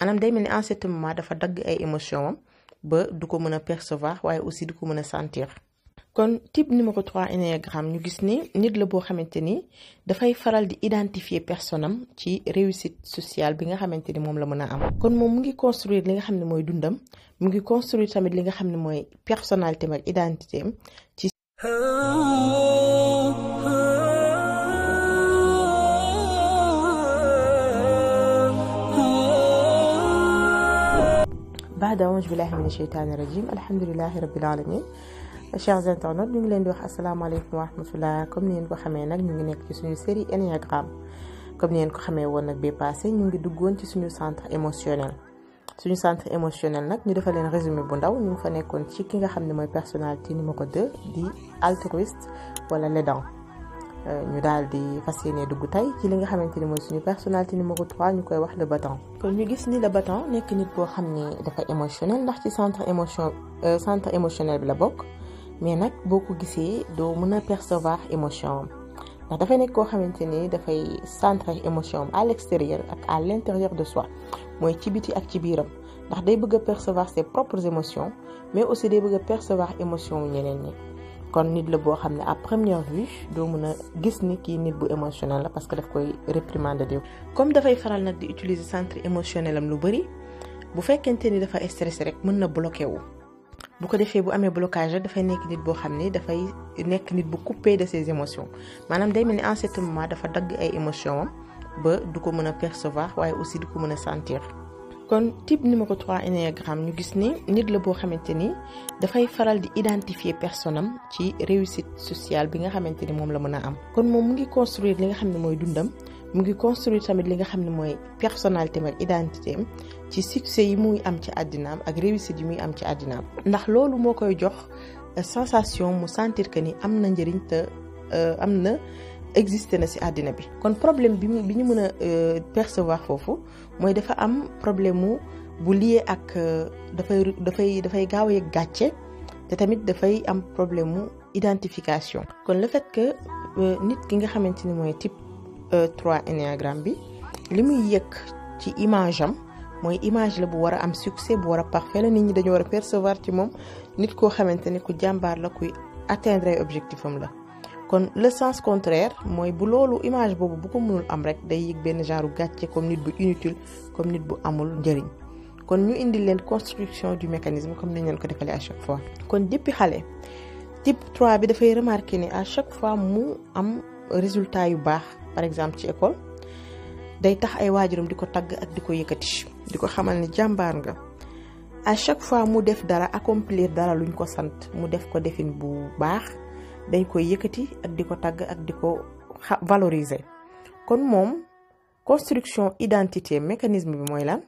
maanaam day mel ni en ce dafa dagg ay émotion am ba du ko mën a percevoir waaye aussi du ko mën a sentir. kon type numéro 3 ennéagramme ñu gis ni nit la boo xamante ni dafay faral di identifier personne ci réussite sociale bi nga xamante ni moom la mën a am. kon moom mu ngi construire li nga xam ne mooy dundam mu ngi construire tamit li nga xam ne mooy personnalité am ak identité am ci. baada auzu billahi mina sheytaani rajim alhamdulilahi rabbil alamin chers internautes ñu ngi leen di wax asalaamaaleykum wa rahmatullah comme ni ngeen ko xamee nag ñu ngi nekk ci suñu série Enneagramme comme ni ngeen ko xamee woon nag bi passé ñu ngi duggoon ci suñu centre émotionnel suñu centre émotionnel nag ñu defal leen résumé bu ndaw ñu ngi fa nekkoon ci ki nga xam ne mooy personnalité numéro 2 di altruiste wala l'aidant ñu daal di fas yéene dugg tey ci li nga xamante ni mooy suñu personnalité numéro 3 ñu koy wax le battant. kon ñu gis ni le battant nekk nit boo xam ne dafa émotionnel ndax ci centre émotion euh, centre émotionnel bi la bokk mais nag boo ko gisee doo mën a percevoir émotion am ndax dafay nekk koo xamante ni dafay centrer émotion am à l'extérieur ak à l'intérieur de soi mooy ci biti ak ci biiram ndax day bëgg a percevoir ses propres émotions mais aussi day bëgg a percevoir ñeneen kon nit la boo xam ne à première vue doo mën a gis ni kii nit bu émotionnel la parce que daf koy réprimander di comme dafay faral nag di utiliser centre émotionnel am lu bëri bu fekkente ni dafa stressé rek mën na bloqué wu. bu ko defee bu amee blocage rek dafay nekk nit boo xam ne dafay nekk nit bu coupé de ses émotions maanaam day mel ni en ce moment dafa dagg ay émotions ba du ko mën a percevoir waaye aussi du ko mën a sentir. kon type numéro 3 ennéagramme ñu gis ni nit la boo xamante ni dafay faral di identifier personne ci réussite sociale bi nga xamante ni moom la mën a am. kon moom mu ngi construire li nga xam ne mooy dundam mu ngi construire tamit li nga xam ne mooy personnalité ak identité am ci succès yi muy am ci àddinaam ak réussite yi muy am ci àddinaam. ndax loolu moo koy jox euh, sensation mu sentir que ni am na njariñ te euh, am na. existé na ci àddina bi kon problème bi bi ñu mën a euh, percevoir foofu mooy dafa am problème mu bu lié ak euh, dafay dafay dafay gaaw a yëg gàcce te tamit dafay am problème mu identification. kon le que euh, nit ki nga xamante ni mooy type 3 ennéagramme bi li muy yëg ci image am mooy image la bu war a am succès bu war a parfait la nit ñi dañu war a percevoir ci moom nit koo xamante ni ku jàmbaar la kuy atteindre ay objectif am la. kon le sens contraire mooy bu loolu image boobu bu ko mënul am rek day yëg benn genre gàcce comme nit bu inutile comme nit bu amul njëriñ kon ñu indi leen construction du mécanisme comme nañ leen ko defalee à chaque fois. kon déppi xale type 3 bi dafay remarquer ne à chaque fois mu am résultat yu baax par exemple ci école day tax ay waajuram di ko tagg ak di ko yëkkati di ko xamal ne jàmbaar nga. à chaque fois mu def dara accomplir dara luñ ko sant mu def ko defin bu baax. dañ koy yëkkati ak di ko tàgg ak di ko valoriser kon moom construction identité mécanisme bi mooy lan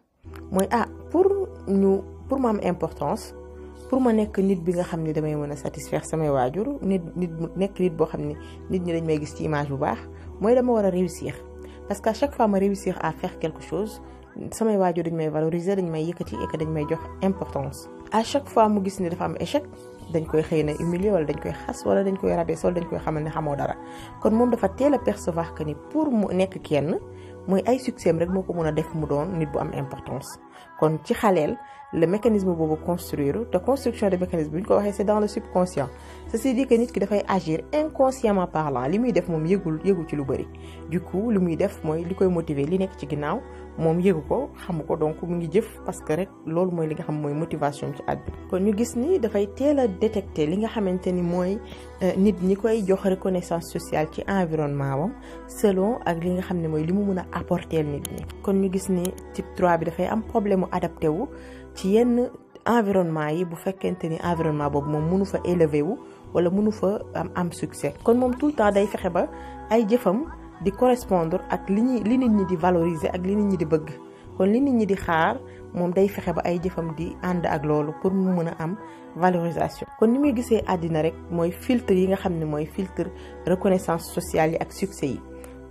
mooy ah pour ñu pour ma am importance pour ma nekk nit bi nga xam ni damay mën a satisfaire samay waajur nit nit nekk nit boo xam ne nit ñi dañ may gis ci image bu baax mooy dama war a réussir parce que à chaque fois ma réussir à faire quelque chose samay waajur dañ may valoriser dañ may yëkkati et dañ may jox importance à chaque fois mu gis ni dafa am échec dañ koy xëy na humilier wala dañ koy xas wala dañ koy rabaisser wala dañ koy xamal ne xamoo dara kon moom dafa teel a percevoir que ni pour mu nekk kenn mooy ay succès rek moo ko mën a def mu doon nit bu am importance kon ci xaleel le mécanisme boobu construire te construction de mécanisme bu ñu ko waxee c'est dans le subconscient ceci dit que nit ki dafay agir inconsciemment parlant li muy def moom yëgul yëgu ci lu bëri du coup li muy def mooy li koy motiver li nekk ci ginnaaw moom yëgu ko xamu ko donc mu ngi jëf parce que rek loolu mooy li nga xam mooy motivation ci at kon ñu gis ni dafay teel a détecter li nga xamante ni mooy euh, nit ñi koy jox reconnaissance sociale ci environnement wam selon ak li nga xam ne mooy li mu mën a apporter nit ñi kon ñu gis ni type trois bi dafay am problème mu adapté wu ci yenn environnement yi bu fekkente ni environnement boobu moom mënu fa élever wu wala mënu fa am am succès kon moom tout le temps day fexe ba ay jëfam di correspondre ak li ñuy li nit ñi di valoriser ak li nit ñi di bëgg kon li nit ñi di xaar moom day fexe ba ay jëfam di ànd ak loolu pour mu mën a am valorisation. kon ni muy gisee àddina rek mooy filtre yi nga xam ne mooy filtre reconnaissance sociale yi ak succès yi.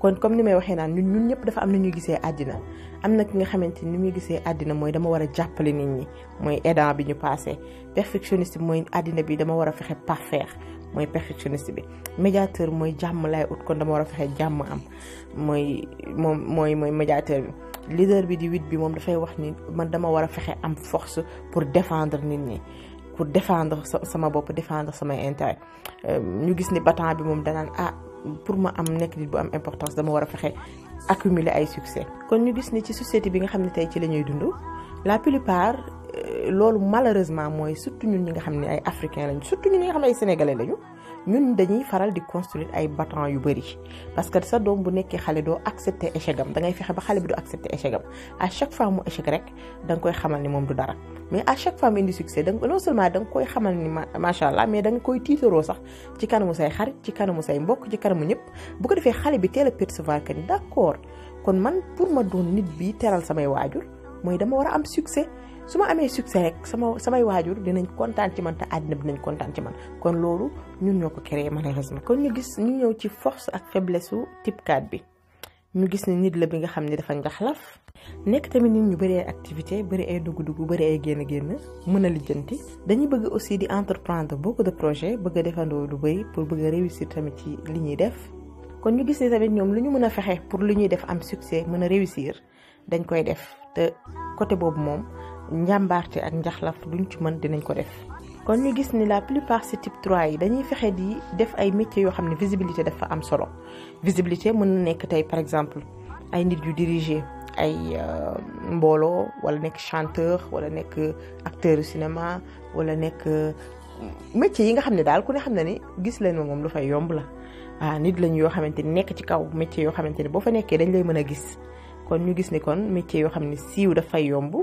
kon comme ni may waxee naan ñun ñun ñëpp dafa am na ñuy gisee àddina am ki nga xamante ni muy gisee àddina mooy dama war a jàppale nit ñi mooy aidant bi ñu paasee perfectionniste bi mooy àddina bi dama war a fexe parfaire mooy perfectionniste bi médiateur mooy jàmm kon dama war a fexe jàmm am mooy moom mooy mooy médiateur bi leader bi di wit bi moom dafay wax ni man dama war a fexe am force pour défendre nit ñi pour défendre sama bopp défendre sama intérêt euh, ñu gis ni battant bi moom danaan ah pour ma am nekk nit bu am importance dama war a fexe accumuler ay succès. kon ñu gis ni ci société bi nga xam ne tey ci la ñuy dund la plupart euh, loolu malheureusement mooy surtout ñun ñi nga xam ne ay africains lañu surtout ñun ñi nga xam ne ay sénégalais lañu. ñun dañuy faral di construire ay battant yu bëri parce que sa doom bu nekkee xale doo accepter échec am da ngay fexe ba xale bi du accepter échec am à chaque fois mu échec rek da koy xamal ni moom du dara mais à chaque fois mu indi succès da nga non koy xamal ni macha allah mais da koy tiitaroo sax ci kanamu say xarit ci kanamu say mbokk ci kanamu ñëpp bu ko defee xale bi teel a percevoir que ni d'accord kon man pour ma doon nit bi teral samay waajur mooy dama war a am su ma amee succès rek sama samay waajur dinañ kontaan ci man te àddina bi nañ kontaan ci man kon loolu ñun ñoo ko créé malheureusement. kon ñu gis ñu ñëw ci force ak su type 4 bi ñu gis ni nit la bi nga xam ne dafa njaxlaf nekk tamit nit ñu bëri activité bëri ay dugg-dugg bëri ay génn-génn mën a lijjanti dañuy bëgg aussi di entreprendre beaucoup de projets bëgg a defandoo lu pour bëgg réussir tamit ci li ñuy def kon ñu gis tamit ñoom lu ñu mën a fexe pour lu ñuy def am succès mën a réussir dañ koy def te côté boobu moom. njàmbaarte ak njaxlaf luñ ci mën dinañ ko def. kon ñu gis ni la plupart ci type 3 yi dañuy fexe di def ay métiers yoo xam ne visibilité dafa am solo visibilité mën na nekk tey par exemple ay nit yu diriger ay euh, mbooloo wala nekk chanteur wala nekk euh, acteur du cinéma wala nekk euh, métiers yi nga xam ne daal ku ne xam ne ni gis leen ma moom lu fay yomb la ah nit lañ yoo xamante ni nekk ci kaw métiers yoo xamante ni boo fa nekkee dañ lay mën a gis kon ñu gis ni kon métiers yoo xam ne siiw dafay yomb.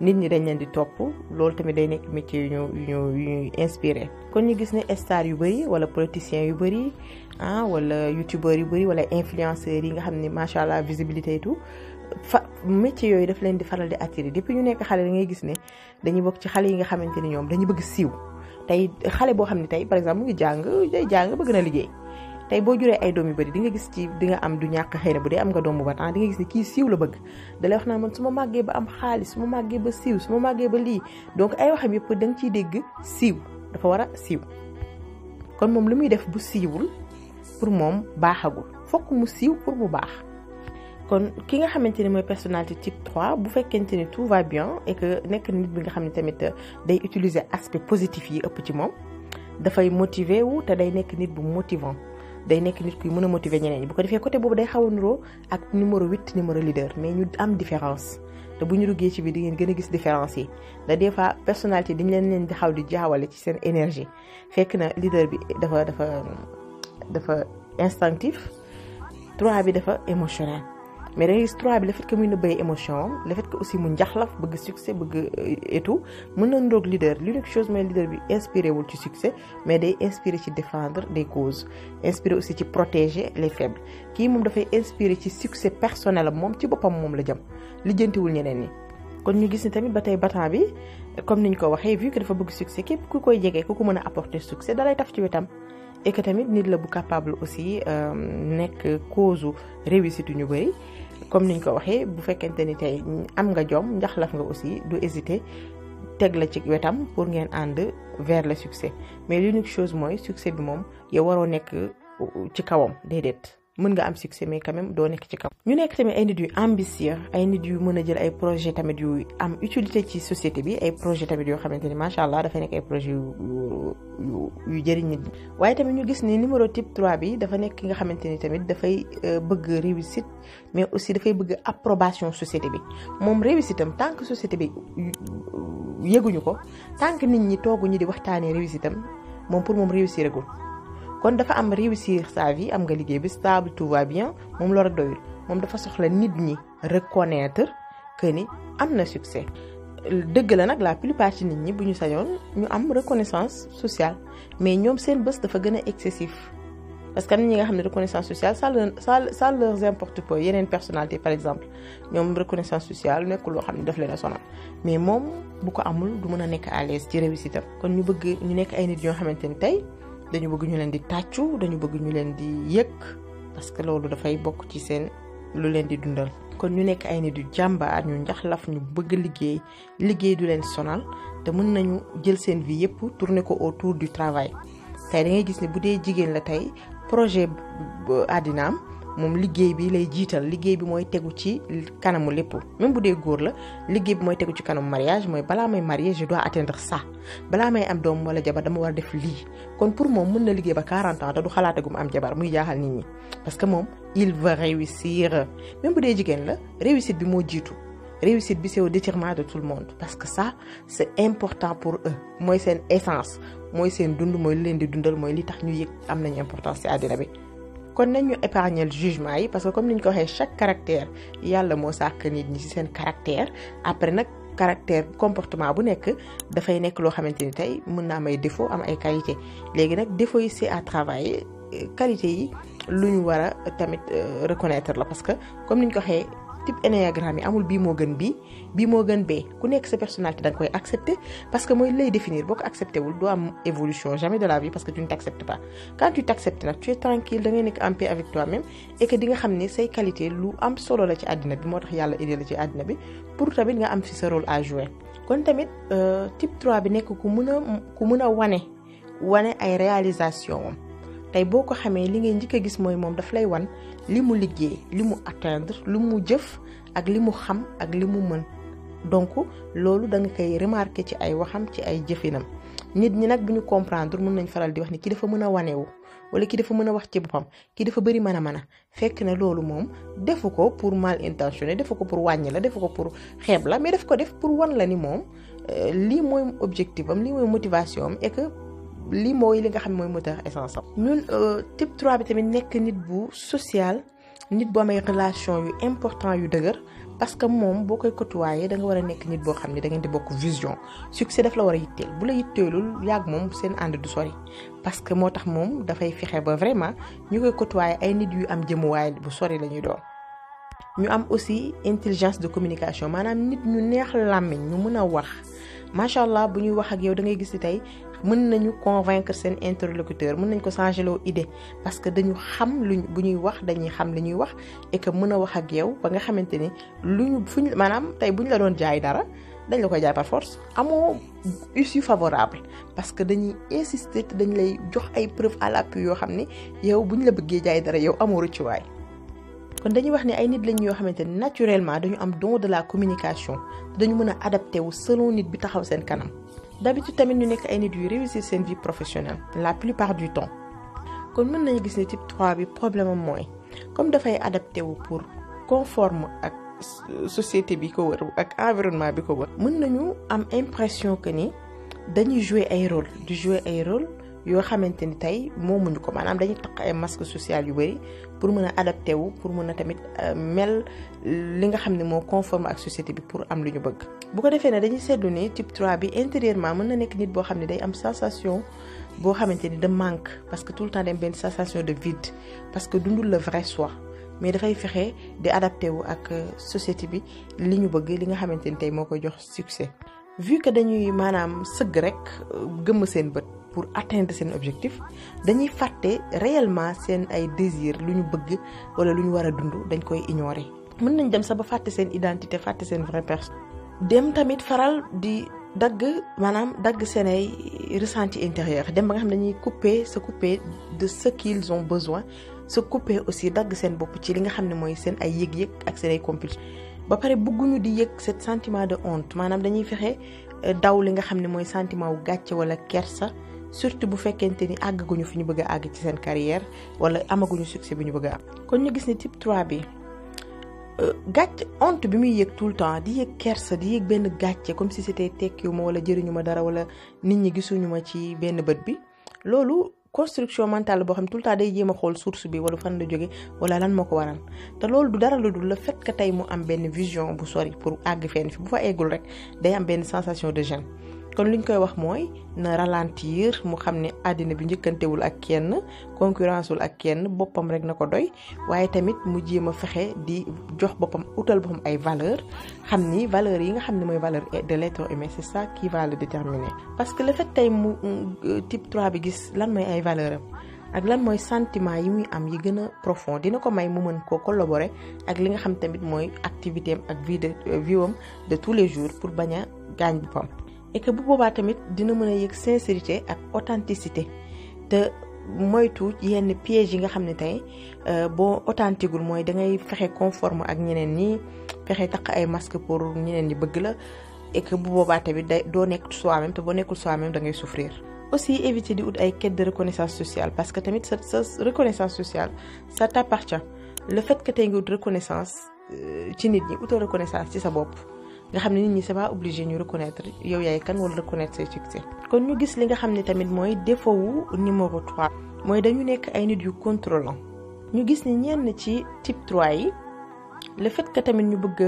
nit ñi dañ leen di topp loolu tamit day nekk métier yu ñu yu ñu yu ñuy inspiré kon ñu gis ne star yu bëri wala politiciens yu bëri ah wala youtubeurs yu bëri wala influenceurs yi nga xam ne macha allah visibilité tout fa métier yooyu daf leen di faral di attiré depuis ñu nekk xale da ngay gis ne dañuy bokk ci xale yi nga xamante ni ñoom dañu bëgg siiw tey xale boo xam ne tey par exemple mu ngi jàng day jàng bëgg na liggéey. tey boo juree ay doom yu bëri di nga gis ci dinga am du ñàkk xëy na bu dee am nga doom bu batan ah, di nga gis ne kii siiw la bëgg dalay wax naa man su ma màggee ba am xaalis su ma màggee ba siiw su ma màggee ba lii donc ay waxam yëpp da nga dégg siiw dafa war a siiw kon moom lu muy def bu siiwul pour moom baaxagul fokk mu siiw pour mu baax kon ki nga xamante ne mooy personnalité type 3 bu fekkente ne tout va bien et que nekk nit bi nga xam ne tamit day utiliser aspect positif yi ëpp ci moom dafay motiver wu day nekk nit bu motivant day nekk nit kuy mën a motiver ñeneen ñi bu ko defee côté boobu day xaw a nuroo ak numéro huit numéro leader mais ñu am différence te bu ñu duggee ci biir di ngeen gën a gis différence yi da des fois personnalité dañ leen leen di xaw di jaawale ci seen énergie fekk na leader bi dafa dafa dafa instinctif trois bi dafa émotionnel mais da ngay gis trois bi le fait que muy nëbbee émotion am le fait que aussi mu njaxlaf bëgg succès bëgg euh, et mën na ndoog leader l'unique chose mooy leader bi inspiré wul ci succès mais day inspiré ci défendre des causes inspiré aussi ci protéger les faibles kii moom dafay inspire ci succès personnel am moom ci boppam moom la jëm lijjantiwul ñeneen ñi. kon ñu gis ni tamit ba tey battant bi comme ni ñu ko waxee vu que dafa bëgg succès képp ku koy jege ku ko mën a apporter succès dalay ci wetam et tamit nit la bu capable aussi euh, nekk cause réussite yu ñu bëri. comme niñ ko waxee bu fekkente ni tey am nga jom njaxlaf nga aussi du hésiter teg la ci wetam pour ngeen ànd vers le succès mais lu l'unique chose mooy succès bi moom yow waroo nekk ci kawam déedéet. mën nga am succès mais quand même doo nekk ci kaw. ñu nekk tamit ay nit yu ambitieux ay nit yu mën a jël ay projet tamit yu am utilité ci société bi ay projet tamit yoo xamante ni macha allah dafay nekk ay projet yu yu yu jëriñ waaye tamit ñu gis ni numéro type trois bi dafa nekk ki nga xamante ni tamit dafay euh, bëgg réussite mais aussi dafay bëgg approbation société bi moom réussite am tant société bi yëguñu ko tant que nit ñi tooguñu di waxtaanee réussite am moom pour moom réussir agul kon dafa am réussir sa vie am nga liggéey bi stable tout va bien moom loola doyul moom dafa soxla nit ñi reconnaître que ni am na succès dëgg la nag la plupart ci nit ñi bu ñu sañoon ñu am reconnaissance sociale mais ñoom seen bés dafa gën a excessif parce que am ñi nga xam ne reconnaissance sociale ça ça ça leur importe peu yeneen personnalité par exemple ñoom reconnaissance sociale nekkul loo xam ne daf leen a sonal mais moom bu ko amul du mën a nekk à ci réussite kon ñu bëgg ñu nekk ay nit yoo xamante ni tey dañu bëgg ñu leen di tàccu dañu bëgg ñu leen di yëg parce que loolu dafay bokk ci seen lu leen di dundal. kon ñu nekk ay nit yu jàmbaar ñu laf ñu bëgg liggéey liggéey du leen sonal te mën nañu jël seen vie yépp tourner ko autour du travail tey da ngay gis ne bu dee jigéen la tey projet àddinaam moom liggéey bi lay jiital liggéey bi mooy tegu ci kanamu lépp même bu dee góor la liggéey bi mooy tegu ci kanamu mariage mooy balaa may marier je dois atteindre ça balaa may am doom wala jabar dama war a def lii kon pour moom mën na liggéey ba 40 ans te du xalaatagum am jabar muy jaaxal nit ñi parce que moom il va réussir même bu dee jigéen la réussit bi moo jiitu réussite bi c'est au de tout le monde parce que sa c'est important pour mooy seen essence mooy seen dund mooy li leen di dundal mooy li tax ñu yëg am nañu importance ci àddina bi kon nañu épargner jugement yi parce que comme ni ñu ko waxee chaque caractère yàlla moo sàkk nit ñi ci seen caractère après nag caractère comportement bu nekk dafay nekk loo xamante ni tey mën naa am ay défaut am ay qualité léegi nag défaut yi c'est à travailler euh, qualité yi lu ñu war a tamit euh, reconnaître la parce que comme ni ñu ko waxee type ennéagramme yi amul bii moo gën bii bii moo gën bee ku nekk sa personnalité da nga koy accepter parce que mooy lay définir boo ko accepté wul doo am évolution jamais de la vie parce que tu ne t'acceptes pas quand tu t'acceptes tranquille da nekk en paix avec toi-même et que xam ni say qualité lu am solo la ci àddina bi moo tax yàlla aidé la ci àddina bi pour tamit nga am fi sa rôle à jouer kon tamit euh, type 3 bi nekk ku mun a ku mun a wane wane ay réalisation am boo ko xamee li ngay njëkk a gis mooy moom daf lay wan li mu liggéey li mu atteindre li mu jëf ak li mu xam ak li mu mën donc loolu da nga koy remarquer ci ay waxam ci ay jëfinam nit ñi nag bu ñu comprendre mun nañ faral di wax ni ki dafa mën a wanewu wala ki dafa mën a wax ci boppam ki dafa bëri mën a mën a fekk na loolu moom defu ko pour mal intentionné defu ko pour wàññi la defu ko pour xeeb la mais def ko def pour wan la ni moom euh, lii mooy objectif am lii mooy motivation am et que lii yi li nga xam mooy moteur essence am. ñun euh, type bi tamit nekk nit bu social nit bu amay relation yu important yu dëgër parce que moom boo koy côtoyer da nga war a nekk nit boo xam ne da ngeen di bokk vision succès daf la war a yitteel bu la yitteelul yàgg moom seen ànd du sori parce que moo tax moom dafay fexe ba vraiment ñu koy côtoyer ay nit yu am jëmuwaay bu sori la ñuy doon. ñu am aussi intelligence de communication maanaam nit ñu neex làmmiñ ñu mën a wax macha allah bu ñuy wax ak yow da ngay gis ni tey mën nañu convaincre seen interlocuteur mën nañ ko changer loo idée parce que dañu xam luñ bu ñuy wax dañuy xam lañuy wax et que mën a wax ak yow ba nga xamante ni lu ñu fu ñu maanaam tey buñ la doon jaay dara dañ la koy jaay par force amoo issue favorable parce que dañuy insister te dañ lay jox ay preuve à l'appui yoo xam ne yow ñu la bëggee jaay dara yow amoo rëccuwaay kon dañuy wax ne ay nit lañ yoo xamante ne naturellement dañu am don de la communication dañu mën a adapté wu selon nit bi taxaw seen kanam d'habitude tamit ñu nekk ay nit yu réussir seen vie professionnelle la plupart du temps kon mën nañu gis ne type 3 bi problème am mooy comme dafay adapté wu pour conforme ak société bi ko wër ak environnement bi ko wër. mën nañu am impression que ni dañuy jouer ay rôle di jouer ay rôle. yoo xamante ni tey moomuñu ko maanaam dañu takk ay masque social yu bëri pour mën a adapté wu pour mën a tamit euh, mel li nga xam ne moo conforme ak société bi pour am lu ñu bëgg. bu ko defee ne dañuy seetlu nii type trois bi intérieurement mën na nekk nit boo xam ne day am sensation boo xamante ni de manque parce que tout le temps benn sensation de vide parce que dundul la vrai soi. mais dafay fexe di adapté wu ak euh, société bi li ñu bëgg li nga xamante ni tey moo koy jox succès vu que dañuy maanaam sëgg rek euh, gëmm seen bët pour atteindre seen objectif dañuy fàtte réellement seen ay désir lu ñu bëgg wala lu ñu war a dund dañ koy ignorer. mën nañ dem sax ba fàtte seen identité fàtte seen vraie personne dem tamit faral di dagg maanaam dagg seen ay ressenti intérieur dem ba nga xam ne dañuy couper sa couper de ce qu'ils ont besoin sa couper aussi dagg seen bopp ci li nga xam ne mooy seen ay yëg-yëg ak seen ay compulsion ba pare bëgguñu di yëg cet sentiment de honte maanaam dañuy fexe euh, daw li nga xam ne mooy sentiment wu gàcce wala kersa surtout bu fekkente ni àggaguñu fi ñu bëgg a àgg ci seen carrière wala amaguñu succès bu ñu bëgg a am. kon ñu gis ne type 3 bi euh, gàcc honte bi muy yëg tout le temps di yëg kersa di yëg benn gàcce comme si c'était tekkiwuma wala jëriñu ma dara wala nit ñi gisuñu ma ci benn bët bi loolu. construction mentale boo xam tout le temps day jéem a xool source bi wala fan la jóge wala lan moo ko waral te loolu du dara lu dul le fait que tey mu am benn vision bu sori pour àgg fenn fi bu fa eggul rek day am benn sensation de gêne kon li ñu koy wax mooy na ralentir mu xam ne àddina bi njëkkantewul ak kenn concurrence wul ak kenn boppam rek na ko doy waaye tamit mu jéem ma fexe di jox boppam utal boppam ay valeur xam ni valeur yi nga xam ne mooy valeur de l'être humain c'est ça qui va le déterminer. parce que le fait tey mu euh, type 3 bi gis lan mooy ay valeur am ak lan mooy sentiment yi muy am yi gën a profond dina ko may mu mën koo collaborer ak li nga xam tamit mooy activité am ak vie de euh, de tous les jours pour bañ a gaañ boppam. et que bu boobaa tamit dina mën a yëg sincérité ak authenticité te moytu yenn piège yi nga xam ne tey euh, boo authentique mooy da ngay fexe conforme ak ñeneen ñi fexe takk ay masque pour ñeneen ñi bëgg la et bu boobaa tamit day doo nekk soi-même te boo nekkul soi-même da ngay souffrir. aussi éviter di ut ay quête de reconnaissance sociale parce que tamit sa sa reconnaissance sociale ça t'appartient le fait que tey nga ut reconnaissance euh, ci nit ñi utal reconnaissance ci sa bopp. nga xam ne nit ñi c'est pas obligé ñu reconnaître yow yaay kan wala reconnaître say succès kon ñu gis li nga xam ne tamit mooy défaut wu numéro 3 mooy dañu nekk ay nit yu contrôlant ñu gis ni ñenn ci type 3 yi le fait que tamit ñu bëgg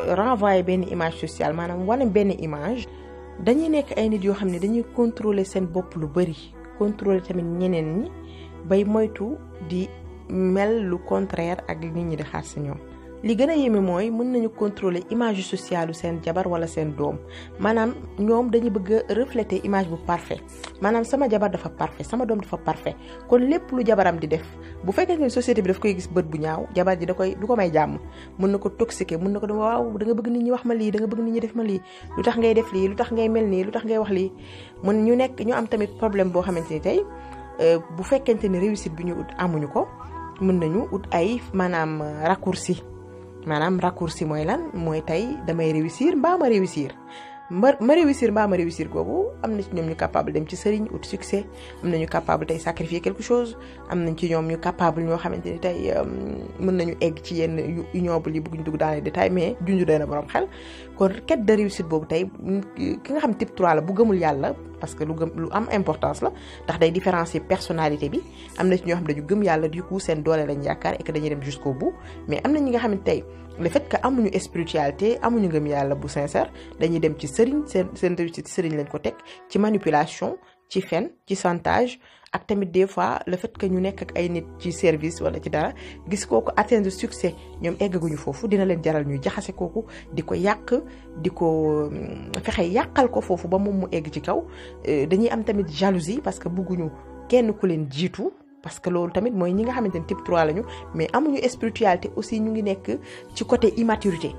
a renvoyer benn image sociale maanaam wala benn image dañuy nekk ay nit yoo xam ne dañuy contrôler seen bopp lu bëri contrôler tamit ñeneen ñi bay moytu di mel lu contraire ak nit ñi di xaar si ñoom li gën a yéeme mooy mën nañu contrôler image sociale seen jabar wala seen doom maanaam ñoom dañu bëgg a refléter image bu parfait maanaam sama jabar dafa parfait sama doom dafa parfait kon lépp lu jabaram di def bu fekkee ne société bi daf koy gis bët bu ñaaw jabar ji da koy du ko may jàmm mën na ko toxiquer mën na ko waaw da nga bëgg nit ñi wax ma lii da bëgg nit ñi def ma lii tax ngay def lu tax ngay mel nii lu tax ngay wax lii mën ñu nekk ñu am tamit problème boo xamante ni tey euh, bu fekkente ni réussite bi ñu ut amuñu ko mun nañu ut ay maanaam raccourci maanaam raccourci mooy lan mooy tey damay réussir mbaa ma réussir ma ma réussir mbaa ma réussir googu am na ci ñoom ñu capable dem ci sëriñ ut succès am na ñu capable tey sacrifier quelque chose am nañ ci ñoom ñu capable ñoo xamante ni tey euh, mën nañu egg ci yenn yu ignoble yi bëgg ñu dugg dans les détails mais junj doy na borom xel kon quête de réussite boobu tey ki nga xam type 3 la bu gëmul yàlla. parce que lu gëm lu am importance la ndax day yi personalité bi am na ci ñoo xam ne dañu gëm yàlla di coup seen doole lañ yaakaar et que dañuy dem jusqu'au bout mais am na ñi nga xam ne tey le fait que amuñu spiritualité amuñu ngëm yàlla bu sincère dañuy dem ci sëriñ seen seen réussite sëriñ lañ ko teg ci manipulation ci fen ci chantage ak tamit des fois le fait que ñu nekk ak ay nit ci service wala ci dara gis kooku atteindre succès ñoom eggaguñu foofu dina leen jaral ñuy jaxase kooku di ko yàq di ko mm, fexe yàqal ko foofu ba moom mu egg ci kaw euh, dañuy am tamit jalousie parce que bëgguñu kenn ku leen jiitu parce que loolu tamit mooy ñi nga xamante ne type 3 lañu mais amuñu spiritualité aussi ñu ngi nekk ci côté immaturité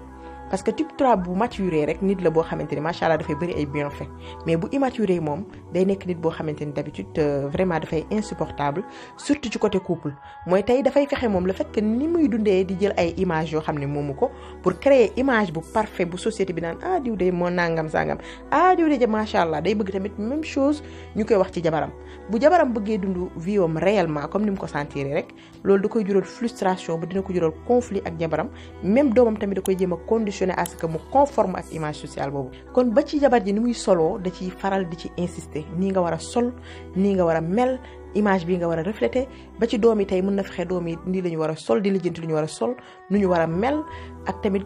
parce que type 3 bu maturé rek nit la boo xamante ni macha allah dafay bëri ay bienfait mais bu immaturé moom day nekk nit boo xamante ni d'habitude euh, vraiment dafay insupportable surtout ci côté couple mooy tey dafay fexe moom le fait ni muy dundee di jël ay image yoo xam ne moomu ko pour créer image bu parfait bu société bi naan ah diw de moo nangam sangam ah diw de ja macha allah day bëgg tamit même chose ñu koy wax ci jabaram bu jabaram bëggee dund viom réellement comme ni mu ko sentir rek loolu da koy jural frustration ba dina ko jural conflit ak jabaram même doomam tamit da koy jéem a condition conditionné à ce mu conforme ak image sociale boobu kon ba ci jabar ji ni muy soloo da ciy faral di ci insisté ni nga war a sol nii nga war a mel image bi nga war a refléter ba ci doom yi tey mën na fexe doom yi nii la ñu war a sol di lijjanti lu ñu war a sol nu ñu war a mel ak tamit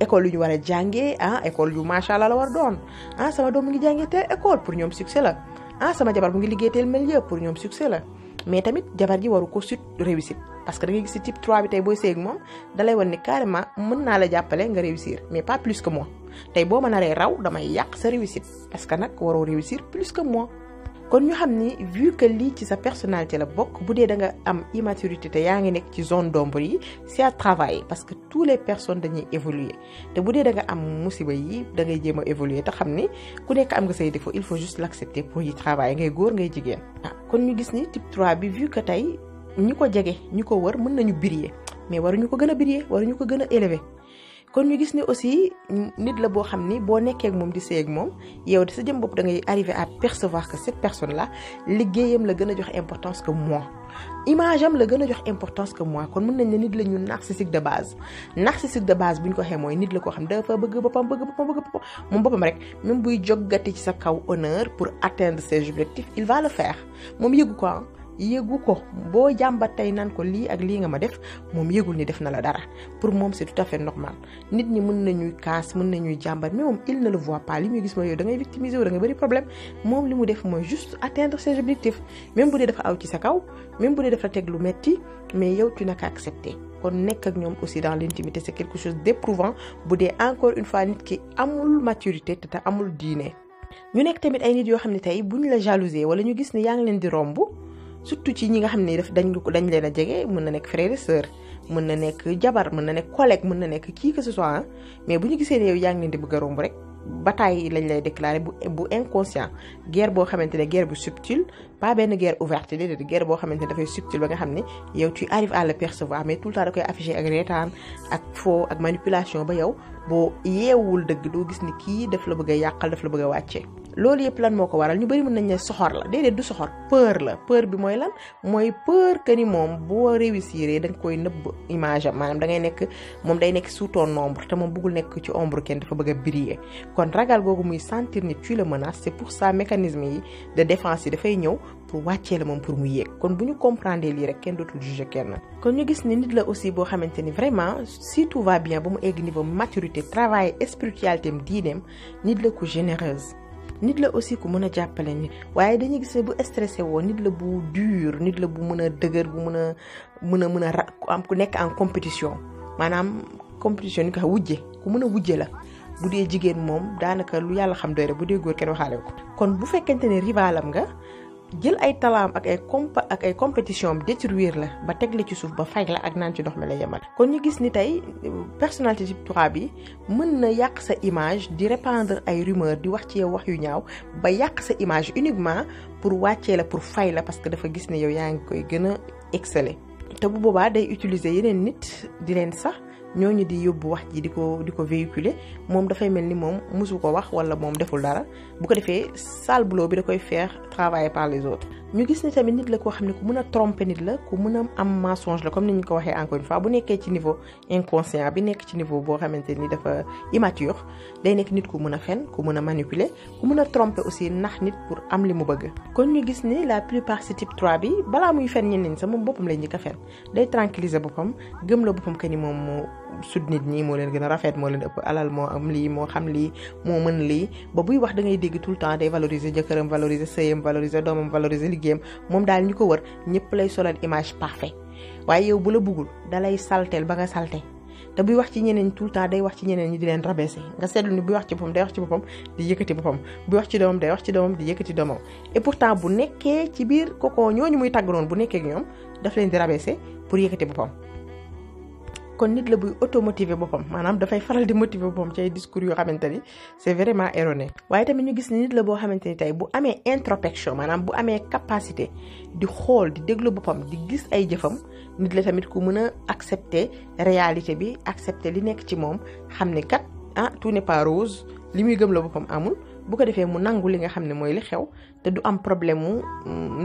école yu ñu war a jàngee ah école yu macha allah la war doon ah sama doom mu ngi jàngee te école pour ñoom succès la ah sama jabar mu ngi liggéey teel mel yëpp pour ñoom succès la mais tamit jabar ji waru ko sut réussit parce que da ngay gis si type 3 bi tey booy séeg moom dalay wan ni carrément mën naa la jàppale nga réussir mais pas plus que moi tey boo ma naree raw damay yàq sa réussite parce que nag waroo réussir plus que moi kon ñu xam ni vu que lii ci sa personnalité la bokk bu dee danga am immaturité te yaa ngi nekk ci zone d'ombre yi c'est à travailler parce que toutes les personnes dañuy évoluer te bu dee da nga am musiba yi da ngay jéem a évoluer te xam ni ku nekk am nga say défaut il faut juste l'accepter pour y travailler ngay góor ngay jigéen. ah kon ñu gis ni type trois bi vu que tey ñi ko jege ñi ko wër mën nañu briller mais war ñu ko gën a briller waruñu ko gën a élever. kon ñu gis ne aussi nit la boo xam ni boo nekkee ak moom di seey ak moom yow di sa jëm bopp da ngay arriver à percevoir que cette personne là liggéeyam la gën a jox importance que moi image am la gën a jox importance que moi kon mën nañ ne nit la ñu narcissique de base narcissique de base bu ñu ko waxee mooy nit la ko xam ne dafa bëgg boppam bëgg boppam bëgg boppam moom boppam rek même buy joggati ci sa kaw honneur pour atteindre ses objectifs il va le faire moom yëgu ko ah. yëgu ko boo jàmbat tey naan ko lii ak lii nga ma def moom yëgul ni def na la dara pour moom c'est tout à fait normal nit ñi mën nañuy kaas mën nañuy jàmbat mais moom il na le voit pas li muy gis mooy yow da ngay victimiser wu nga bëri problème moom li mu def mooy juste atteindre ses objectifs même bu dee dafa aw ci sa kaw même bu dee dafa teg lu metti mais yow tu n'as qu'à accepter kon nekk ak ñoom aussi dans l'intimité c'est quelque chose d'éprouvant bu dee encore une fois nit ki amul maturité te amul diine ñu nekk tamit ay nit yoo xam ne tey bu ñu la jalouser wala ñu gis ne yaa ngi leen di romb surtout ci ñi nga xam ne daf dañ dañ leen a jege mën na nekk frère et mën na nekk jabar mën na nekk collègue mën na nekk kii que ce soit mais bu ñu gisee ne yow yaa ngi leen di bëgg a romb rek bataille lañ lay déclaré bu bu inconscient guerre boo xamante ne ger bu subtile pas benn guerre ouverte déedéet guerre boo xamante ne dafay subtile ba nga xam ne yow tu arrives à le percevoir mais tout le temps da koy affiché ak reetaan ak faux ak manipulation ba yow boo yeewul dëgg doo gis ni kii daf la bëgg a yàqal la bëgg a wàccee. loolu yëpp lan moo ko waral ñu bëri mën nañ ne soxor la déedéet du soxor peur la peur bi mooy lan mooy peur que ni moom boo réussir da koy nëbb image am maanaam da ngay nekk moom day nekk sous ton ombre te moom bëggul nekk ci ombre kenn dafa bëgg a kon ragal googu muy sentir ni tu le menaces c'est pour ça mécanisme yi de yi dafay ñëw pour wàccee la moom pour mu yéeg kon bu ñu comprendre lii rek kenn dootul juger kenn. kon ñu gis ni nit la aussi boo xamante ni vraiment si tout va bien ba mu egg niveau maturité travail spiritualité am diineem nit la ko généreuse. nit la aussi ku mën a jàppale nit waaye dañuy gis bu stressé woo nit la bu dur nit la bu mën a dëgër bu mën a mën a mën a ra am ku nekk en compétition maanaam compétition ni ko xam wujje ku mën a wujje la bu dee jigéen moom daanaka lu yàlla xam doy rek bu dee góor kenn waxaale ko kon bu fekkente ne rivalam nga jël ay talaam ak ay comp ak ay compétition am détruire la ba teg la ci suuf ba fay la ak naan ci ndox mi la yemal kon ñu gis ni tey personnalité type 3 bi mën na yàq sa image di répandre ay rumeur di wax ci yow wax yu ñaaw ba yàq sa image uniquement pour wàccee la pour fay la parce que dafa gis ne yow yaa ngi koy gën a exceller te bu boobaa day utiliser yeneen nit di leen sax ñooñu di yóbbu wax ji di ko di ko véhiculer moom dafay mel ni moom mosu ko wax wala moom deful dara bu ko defee sale boulot bi da koy faire travailler par les autres. ñu gis ni tamit nit la koo xam ne ko mën a tromper nit la ku mën a comme ni ñu ko waxee encore une fois bu nekkee ci niveau inconscient bi nekk ci niveau boo xamante ni dafa immature day nekk nit ku mën a fen ku mën a manipuler ku mën a tromper aussi nax nit pour am li mu bëgg. kon ñu gis ni la plupart ci type 3 bi balaa muy fen ñeneen sa moom boppam lay njëkk ko fen day tranquilliser boppam gëm la boppam que ni moom moo sut nit ñi moo leen gën a rafet moo leen ëpp alal moo am lii moo xam lii moo mën lii ba buy wax da ngay dégg tout le temps day valoriser jëkkëram valoriser sëyam valoriser doomam valoriser liggéeyam moom daal ñu ko wër ñëpp lay solal image parfait waaye yow bu la buggul dalay saltel ba nga salte te buy wax ci ñeneen tout le temps day wax ci ñeneen ñi di leen rabaisser nga seetlu ni buy wax ci boppam day wax ci boppam di yëkkati boppam buy wax ci doomam day wax ci di yëkkati doomam et pourtant bu nekkee ci biir koko ñooñu muy tàgg noonu bu nekkee ñoom daf leen di rabaisser pour yëkkati boppam kon nit la buy automotiver boppam maanaam dafay faral di motiver boppam ci ay discours yoo xamante ni c'est vraiment erroné waaye tamit ñu gis ni nit la boo xamante ni tey bu amee introspection maanaam bu amee capacité di xool di déglu boppam di gis ay jëfam nit la tamit ku mën a accepter réalité bi accepter li nekk ci moom xam ne kat ah tout n'est pas rose li muy gëm la boppam amul bu ko defee mu nangu li nga xam ne mooy li xew te du am problème mu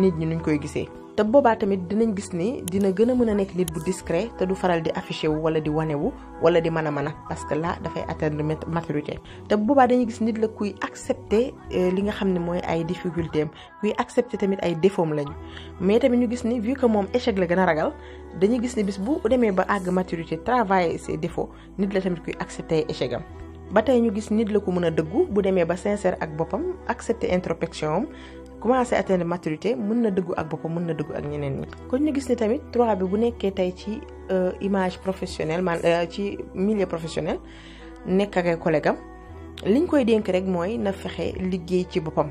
nit ñi nuñ koy gisee. te boobaa tamit dinañ gis ni dina gën a mën a nekk nit bu discret te du faral di affiché wu wala di wane wu wala di mën a mën a parce que là dafay atteindre maturité. te boobaa dañuy gis nit la kuy accepter euh, li nga xam ne mooy ay difficulté am kuy tamit ay défaut am lañu mais tamit ñu gis ni vu que moom échec la gën a ragal dañuy gis ni bis bu demee ba àgg maturité travailler ses défauts nit la tamit kuy accepter échec ba tey ñu gis nit la ko mën a dëggu bu demee ba sincère ak boppam accepter introspection am commencé atteindre maturité mën na dëggu ak boppam mën na dëggu ak ñeneen ñi. kon ñu gis ni tamit trois bi bu nekkee tey ci euh, image professionnelle man euh, ci milieu professionnel nekk ak ay am liñ koy dénk rek mooy na fexe liggéey ci boppam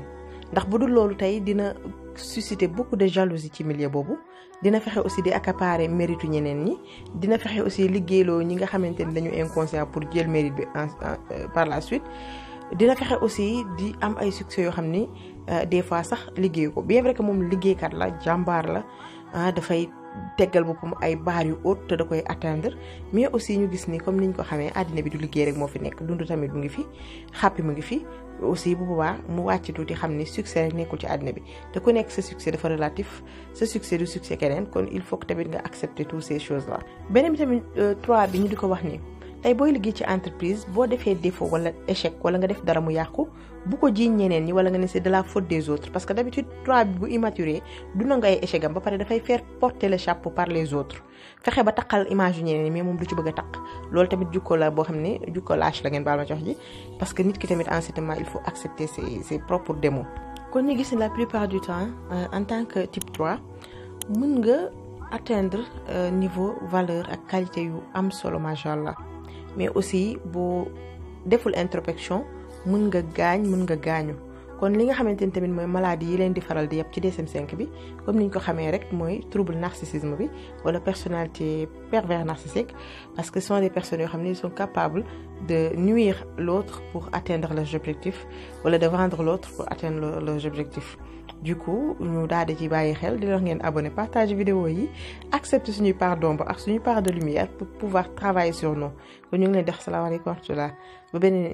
ndax bu dul loolu tey dina susciter beaucoup de jalousie ci milieu boobu. dina fexe aussi di accaparer méritu ñeneen ñi dina fexe aussi liggéeyloo ñi nga xamante ni dañu inconscient pour jël mérite bi euh, par la suite dina fexe aussi di am ay succès yoo xam ni euh, des fois sax liggéey ko bien vrai moom liggéeykat la jàmbaar la ah dafay teggal boppam ay baar yu haut te da koy atteindre mais aussi ñu gis ni comme niñ ko xamee àddina bi du liggéey rek moo fi nekk dund tamit mu ngi fi xàppi mu ngi fi aussi bu boobaa mu wàcc tuuti xam ni succès rek nekkul ci àddina bi te ku nekk sa succès dafa relatif sa succès du succès keneen kon il faut que tamit nga accepter toutes ces choses là. beneen bi tamit euh, trois bi ñu di ko wax nii tey booy liggéey ci entreprise boo defee défaut wala échec wala nga def dara mu yàqu. bu ko jiiñ ñeneen ñi wala nga ne c'est de la faute des autres parce que d'habitude droit bi bu immaturé du nangu ay échec ba pare dafay faire porter le chapeau par les autres fexe ba taqal image yu ñeneen ñi mais moom du ci bëgg a taq loolu tamit jukko la boo xam ne jukko lâche la ngeen baal ma jox ji parce que nit ki tamit en ce moment il faut accepter ses ses propres démons. kon ñu gis la plupart du temps euh, en tant que type 3 mun nga atteindre euh, niveau valeur ak qualité yu am solo macha allah mais aussi boo deful introspection. mën nga gaañ mën nga gaañu kon li nga xamante ni tamit mooy maladie yi leen di faral di yëpp ci DSM-5 bi comme ñu ko xamee rek mooy trouble narcissisme bi wala personnalité pervers narcissique parce que ce sont des personnes yoo xam ne ils sont capables de nuire l'autre pour atteindre leurs objectifs wala de vendre l'autre pour atteindre leurs objectifs du coup ñu daal di ci bàyyi xel di wax ngeen abonné partage vidéo yi accepte suñuy part d'ombre ak suñuy part de lumière pour pouvoir travailler sur nous kon ñu ngi leen di salaamaaleykum wa